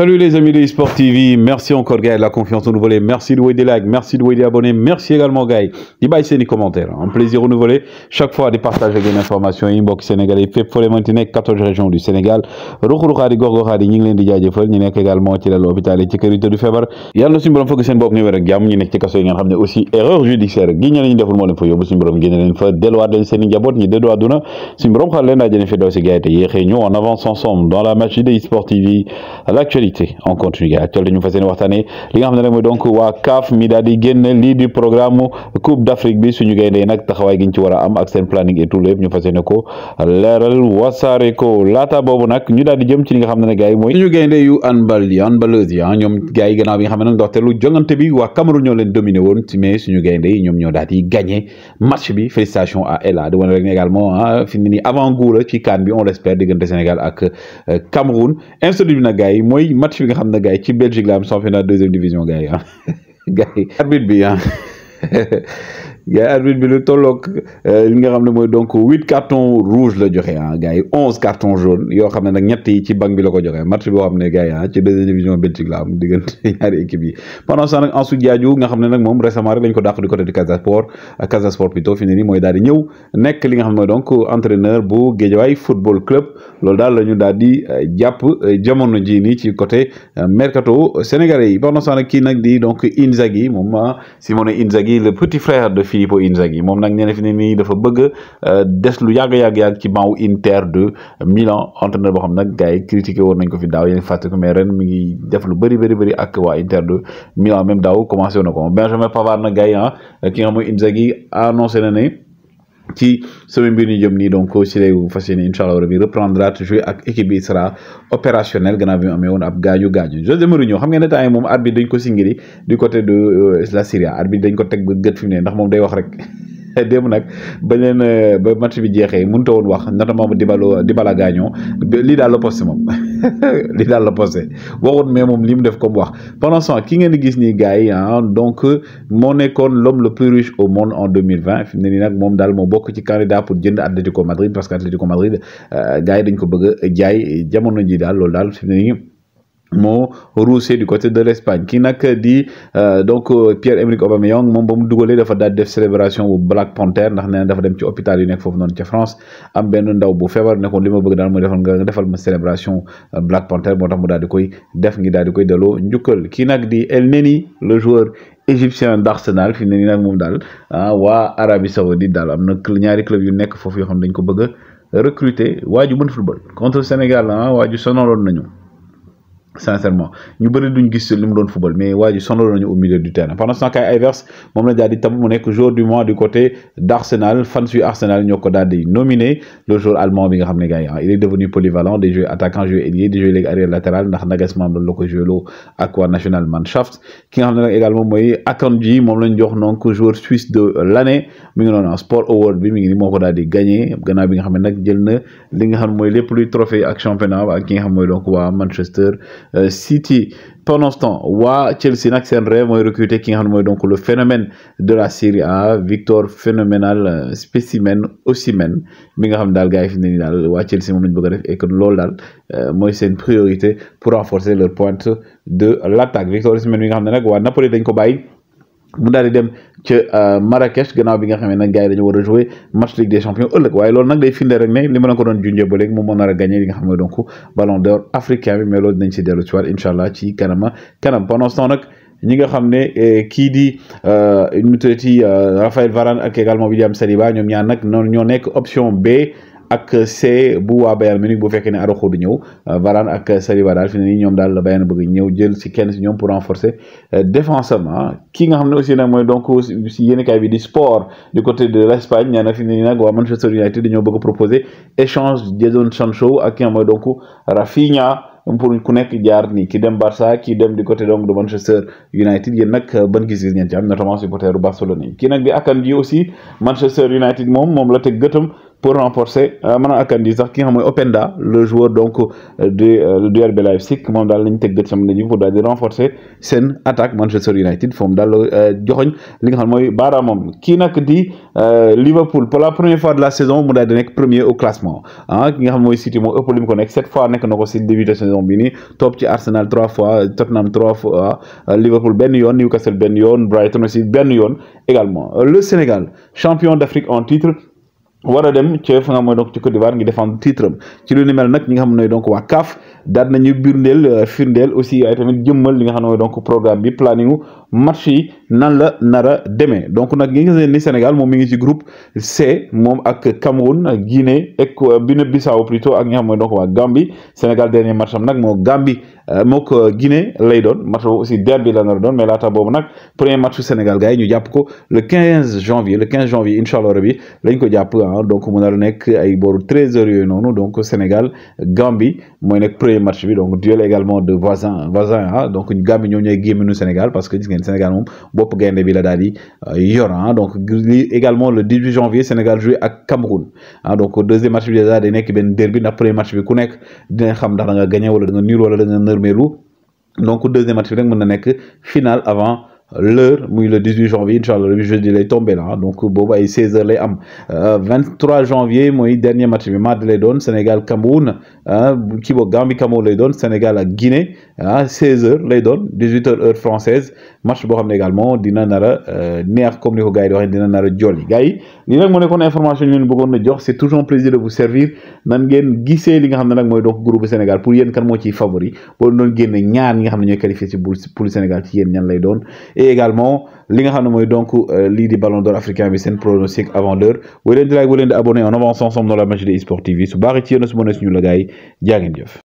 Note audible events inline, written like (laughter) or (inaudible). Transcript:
Salut les amis de Sport TV, merci encore Gaël de la confiance renouvelée, merci de des likes, merci de des abonnés, merci également Gaël. Dis-moi ici les commentaires, un plaisir renouvelé chaque fois de partager des informations inbox sénégalais, fait pour les maintenir 14 régions du Sénégal. Rokhrouha di gorgora di leen di jaajëfal ñi nek également ci l'hôpital hôpital ci kër yi février, feebar. Yàlla suñu borom fokk seen bopp ñu wér ak jàmm ñi ci yi aussi erreur judiciaire gi ñi lañu deful moo leen fa yóbbu suñu borom génne leen fa delluwaat leen seen njaboot ñi dëddu àdduna suñu borom xal leen daa jëne fi daw si Guy ñu on avance ensemble dans la machine de Sport TV à l'actualité actualité en continu yi actualité ñu fas yéene waxtaanee li nga xam ne nag donc waa CAF mi daal di génn lii di programme Coupe d'Afrique bi suñu gaynde yi nag taxawaay gi ci war am ak planning et tout lépp ñu fas yéene ko leeral wasaare ko laata boobu nag ñu daal li nga xam ne ne gars yi mooy suñu gaynde yu handball yi handballeuse yi ah, ñoom gars yi gannaaw bi nga xam ne nag ndoxteelu jongante bi waa Cameroun ñoo leen dominé woon mais suñu gaynde yi ñoom ñoo daal di match bi félicitations à Ella wane rek ne également ah, fi mu avant goût ci CAN bi on l'espère diggante Sénégal ak euh, Cameroun institut match bi nga xam ne gars ci Belgique la am championnat deuxième division gars yi ah (laughs) gars yi arbitre ah. (laughs) gars arbitre bi lu li nga xam moy donc 8 cartons rouges la joxe hein gars yi onze cartons jaunes yo xam nak nag ñett yi ci banc bi la ko joxe match bi xam ne gars yi ah, ci deuxième division Belgique la am diggante (laughs) ñaari équipe yi pendant ce temps nag Ansu Diadio nga xam nak mom récemment rek lañ ko dakk du côté du Casa Sport euh, Casa Sport plutôt fini ne nii mooy daal di ñëw nekk li nga xam ne donc entraîneur bu Guédiawaye football club lool daal lañu ñu daal di euh, jàpp euh, jamono jii nii ci côté mercato sénégalais yi pendant ce nak nag kii di donc Inzaghi mom ah, Simone Inzaghi le petit frère de Filippo Inzaghi moom nag nee na fi ne nii dafa bëgg euh, des lu yàgg yàgg yàgg ci banc Inter de Milan entraîneur boo xam nag gars yi critiqué woon nañ ko fi daaw yéen te ko mais ren mu ngi def lu bëri bëri bëri ak waa Inter de Milan même daaw commencé woon na ko Benjamin Pavard nag gars yi ah ki nga xam mooy Inzaghi annoncé na ne. ci semaine bi ñu jëm nii donc ci lay fas yéene incha allah rabi reprendra jouer ak équipe bi sera opérationnel gannaaw bi mu amee ab gaaju gaaju José Mourinho xam ngeen ne temps yi arbitre dañ ko singiri du côté de euh, la Syrie arbitre dañ ko tek ba gët fi ne ndax mom day wax rek. (laughs) dem nak bañ len euh, ba match bi jeexee mënut a woon wax notamment Dybala Dybala gaño li dal le poste mom (laughs) li (laughs) dal la posé waxut mais mom lim def comme wax pendant ce temps ki ngeen di gis nii ah, donc euh, Monaco l'homme le plus riche au monde en 2020 fi ni nak mom dal mo bok ci candidat pour jënd Atlético Madrid parce que Madrid euh, gars yi dañ ko bëgg jaay jamono ji dal loolu dal fi ni moo rousé du côté de l'Espagne ki nag di euh, donc euh, Pierre-Emerick Aubameyang moom ba mu dugalee dafa daal def célébration au Black Panther ndax nee na dafa dem ci hôpital yu nekk foofu noonu ca France am benn ndaw bu feebar ne ko li ma bëgg daal mooy defal nga defal ma célébration euh, Black Panther Bon, tax mu daal di koy def ngi daal di koy delloo njukkal ki di El Neni le joueur égyptien d'Arsenal fi ne nii nag ah waa Arabie Saoudite Dans am na ñaari club yu nekk foofu yoo xam dañ ko bëgg a recruter waaju football contre Sénégal ouais, ah, du sonaloon sincèrement ñu bari duñ gis li mu doon football mais waji sonal sonaloon nañu au milieu du terrain pendant ce temps Kai mom la daal tam mu nek joueur du mois du côté d'arsenal fans du Arsenal ñoko ko nominé le joueur allemand bi nga xamné gay hein, il est devenu polyvalent des joueurs attaquant joueur ailier des joueurs arrière latéral ndax Nagelsmann loolu la ko joué ak wa national Mannschaft ki nga xamné également mooy Akanji mom lañ jox donc joueur suisse de l'année mi ngi non hein, sport award bi mi ngi moko moo gagner daal gagné bi nga xamné nak nag jël na li nga xamné moy lepp luy trophée ak championnat ak ki nga xamné donc wa Manchester. Euh, City pendant ce temps wa Chelsea nak seen rêve moy recruter ki nga xam moy donc le phénomène de la Serie A Victor phénoménal euh, spécimen Osimhen mi nga xam dal daal gars yi fi ni dal wa Chelsea mom lañ bëgg def et que lool dal euh, moy sen priorité pour renforcer leur pointe de l'attaque Victor Osimhen mi nga xam nak wa Napoli dañ ko baye mu daal di dem ca euh, Marrakech gannaaw bi nga xam ne nag gars yi dañu war a jouer match Ligue des Champions ëllëg waaye loolu nag day firnde rek ne li ma leen ko doon junjee ba léegi moom moo nar a gagné nga xam ne ballon d'or africain bi mais loolu dinañ si dellu ci waat incha allah ci kanama kanam pendant ce nag ñi nga xam ne euh, kii di ñu euh, tuddati Raphaël Varane ak également William Saliba ñoom ñaar nag noonu ñoo nekk option B. ak C bu waa Bayern Munich bu fekkene ne Araujo du ñëw euh, Varane ak Saliba daal fi ne nii ñoom daal bëgg ñew jël ci kenn ci ñom pour renforcer euh, défensivement ki nga xamne aussi nak moy donc yene kay bi di sport du côté de l'Espagne Espagne nee na fi ne nii nag Manchester United dañoo bëgg proposer échange Jadon Sancho ak ki nga donc Rafinha. pour ku nek jaar ni ki dem Barça ki dem du côté donc de Manchester United yéen nak euh, ban gis-gis ngeen ci am notamment supporteru Barcelone ki nak bi akam bi aussi Manchester United mom mom la teg gëtam pour renforcer euh, maanaam ak andi sax ki nga xam Openda le joueur donc euh, euh, du du RB Leipzig moom daal lañ teg gët sama nit pour dal di renforcer sen attaque Manchester United foofu dal joxogn li nga xam mooy mom ki nak di Liverpool pour la première fois de la saison mu dal di nek premier au classement ah ki nga xam moy City mo ëpp lim ko nek cette fois nek nako ci début de saison bi ni top ci Arsenal trois fois Tottenham trois fois Liverpool ben yoon Newcastle ben yoon Brighton aussi ben yoon également le Sénégal champion d'Afrique en titre. war a dem ca fa nga mooy donc ci Côte d'Ivoire ngi défendre titre am ci lu mel nag ñi nga xam ne donc waa CAF daal nañu birndeel euh, firndeel aussi ay tamit jëmal li nga xam ne mooy donc programme bi planning match yi nan la nara a donc nag ngi gis ni Sénégal mon mi ngi groupe C mon ak Cameroun Guinée et euh, Guinée-Bissau plutôt ak ñi donc Gambie Sénégal dernier match nak mon Gambie euh, moo ko Guinée lay match aussi derby la nar don, mais là tabou nak premier match Sénégal gars ñu le 15 janvier le 15 janvier inshallah rabbi, là lañ ko jàpp ah donc on nar a nekk ay très 13 heures non donc Sénégal Gambie mon premier match bi donc duel également de voisins, voisins, hein, donc Gambie ñoom ñooy gémminu Sénégal parce que gis ngeen Sénégal moom. Bop gaynde bi la daal euh, ah. donc également le 18 janvier Sénégal joue à Cameroun ah. donc au deuxième match bi déjà day ben benn derby ndax premier match bi ku nekk dina xam da nga gagné wala da nga nul wala da nga deuxième match bi rek a finale final avant l'heure muy le 18 janvier incha allah le jeudi lay tombé là. donc boobu ay 16h lay am 23 euh, janvier mooy dernier match bi mardi lay Sénégal Cameroun qui euh, Gambie Cameroun le donne, Sénégal à Guinée 16h euh, lay donne, 18h heure française match bon également dina nar euh, comme ni ko gars yi di waxee dina nar a jolli gars yi j'ai, c'est information ñu toujours un plaisir de vous servir nan ngeen gisee li nga groupe Sénégal pour yéen kan moo ciy favori pour doon génne ñaar Nyan, nga qualifié pour le Sénégal ci yéen ñan lay doon et également l'ingénieur donc euh, l'idée di ballon d'or africain c'est un pronostic avant l'heure Vous êtes là, vous êtes abonné En avançant ensemble dans la magie de eSport TV Sous baaxee ci yéen su mënee gars